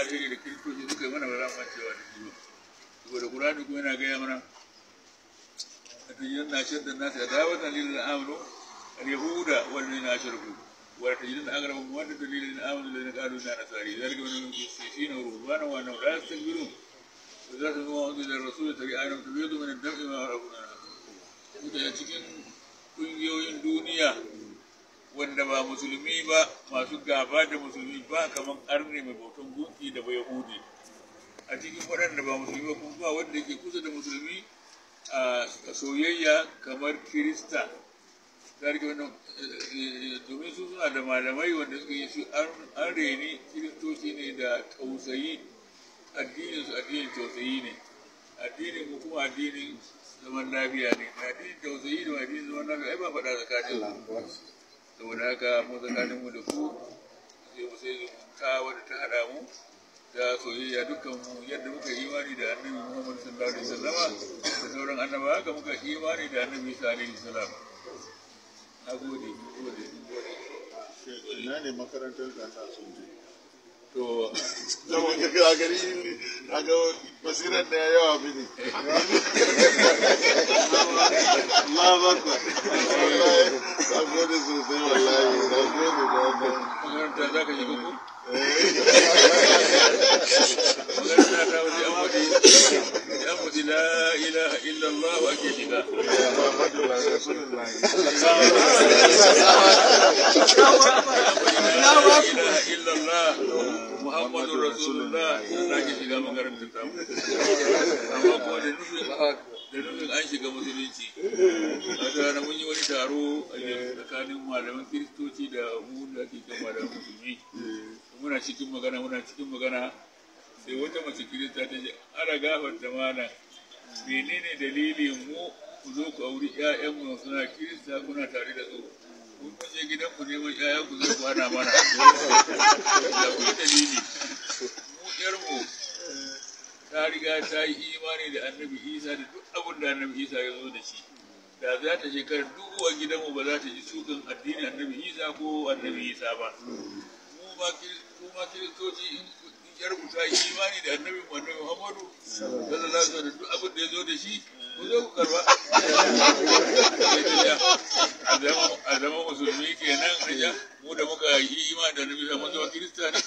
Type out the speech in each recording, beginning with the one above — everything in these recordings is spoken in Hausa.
alheri da kiristoci suka yi mana ba za mu cewa da shi ba saboda qur'ani kuma yana gaya mana a tajidun na shadda na da wata lilin amanu al-yahuda wal lilin ashraku wa tajidun aqrabahum dalilin na nasari zalika min al-musyrifin wa rubbana wa anhum la yastakbirun wa zata ma ma cikin kungiyoyin duniya wanda ba musulmi ba masu gaba da musulmi ba kamar arne mai bautan gunki da bai hudi a cikin waɗanda ba musulmi ba kuma ba wanda yake kusa da musulmi a soyayya kamar kirista zargi eh, eh, eh, domin su suna da malamai wanda suka yi su an reni kiristoci ne da tausayi addinin su addinin tausayi ne addinin ko kuma addinin zaman lafiya ne addinin tausayi da addinin zaman lafiya ai ba faɗa tsakanin su saboda haka mu tsakanin mu da ku sai mu sai zumunta wadda ta haɗa mu ta soyayya dukkan mu yadda muka imani da annabi muhammadu sallallahu alaihi wasallama da sauran annaba haka muka imani da annabi Isa alaihi salam na gode gode ina ne makarantar ta sun je to ga gari ga basiran da yawa eh. Allah Allah za ka shiga ku? Magana ta wani an faɗi an faɗi la ilaha illallah wa ake shiga. La ilaha illallah Muhammadu Rasulullah na ake shiga makarantar tamu. Amma kuma da nufin an shiga musulunci. taro eh, tsakanin malaman kiristoci da mu da ake kan malaman musulmi muna cikin magana muna cikin magana sai wata mace kirista ta ce ara gafarta mana menene dalilin mu ku zo ku auri ƴaƴanmu suna kirista kuna tare da su kun kuje gidan ku neman ƴaƴan ku zai ku mana da ku dalili mu mu ta riga ta yi imani da annabi isa da duk abin da annabi isa ya zo da shi da za ta shekara dubuwa gidanmu ba za ta ji sukan addini annabi isa ko annabi isa ba mu ma kiristoci in yar ta yi imani da annabi annabi muhammadu sallallahu alaihi wasallam duk abin da ya zo da shi ku zo ku karba a zama musulmi kenan a mu da muka yi imani da annabi muhammadu kirista ne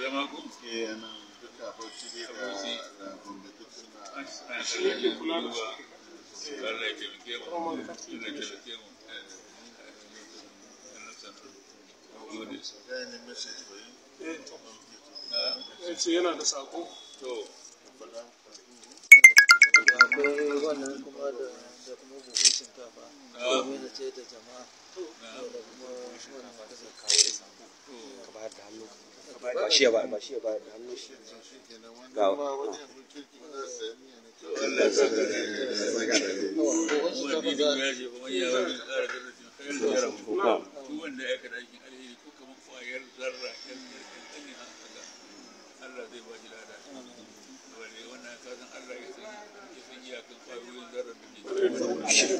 Eh, da zama ku? Eh, bauchi ne da gombe duk suna. kula da su. Allah ya mu. mu. Eh, eh, yana da sako. To. kuma da kuma buhun shinkafa. Ah. da da jama'a. Ah. Da kuma da kawo. ka bayar da hannu ba shi ya ba ba shi ya bayar da hannu ga ko Allah zai ba shi lada wanda wannan kasan Allah ya san iyakan kwayoyin zarra da ke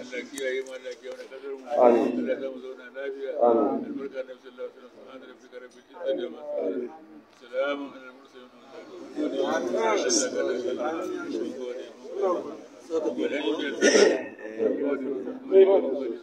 kiyaye mana mu zauna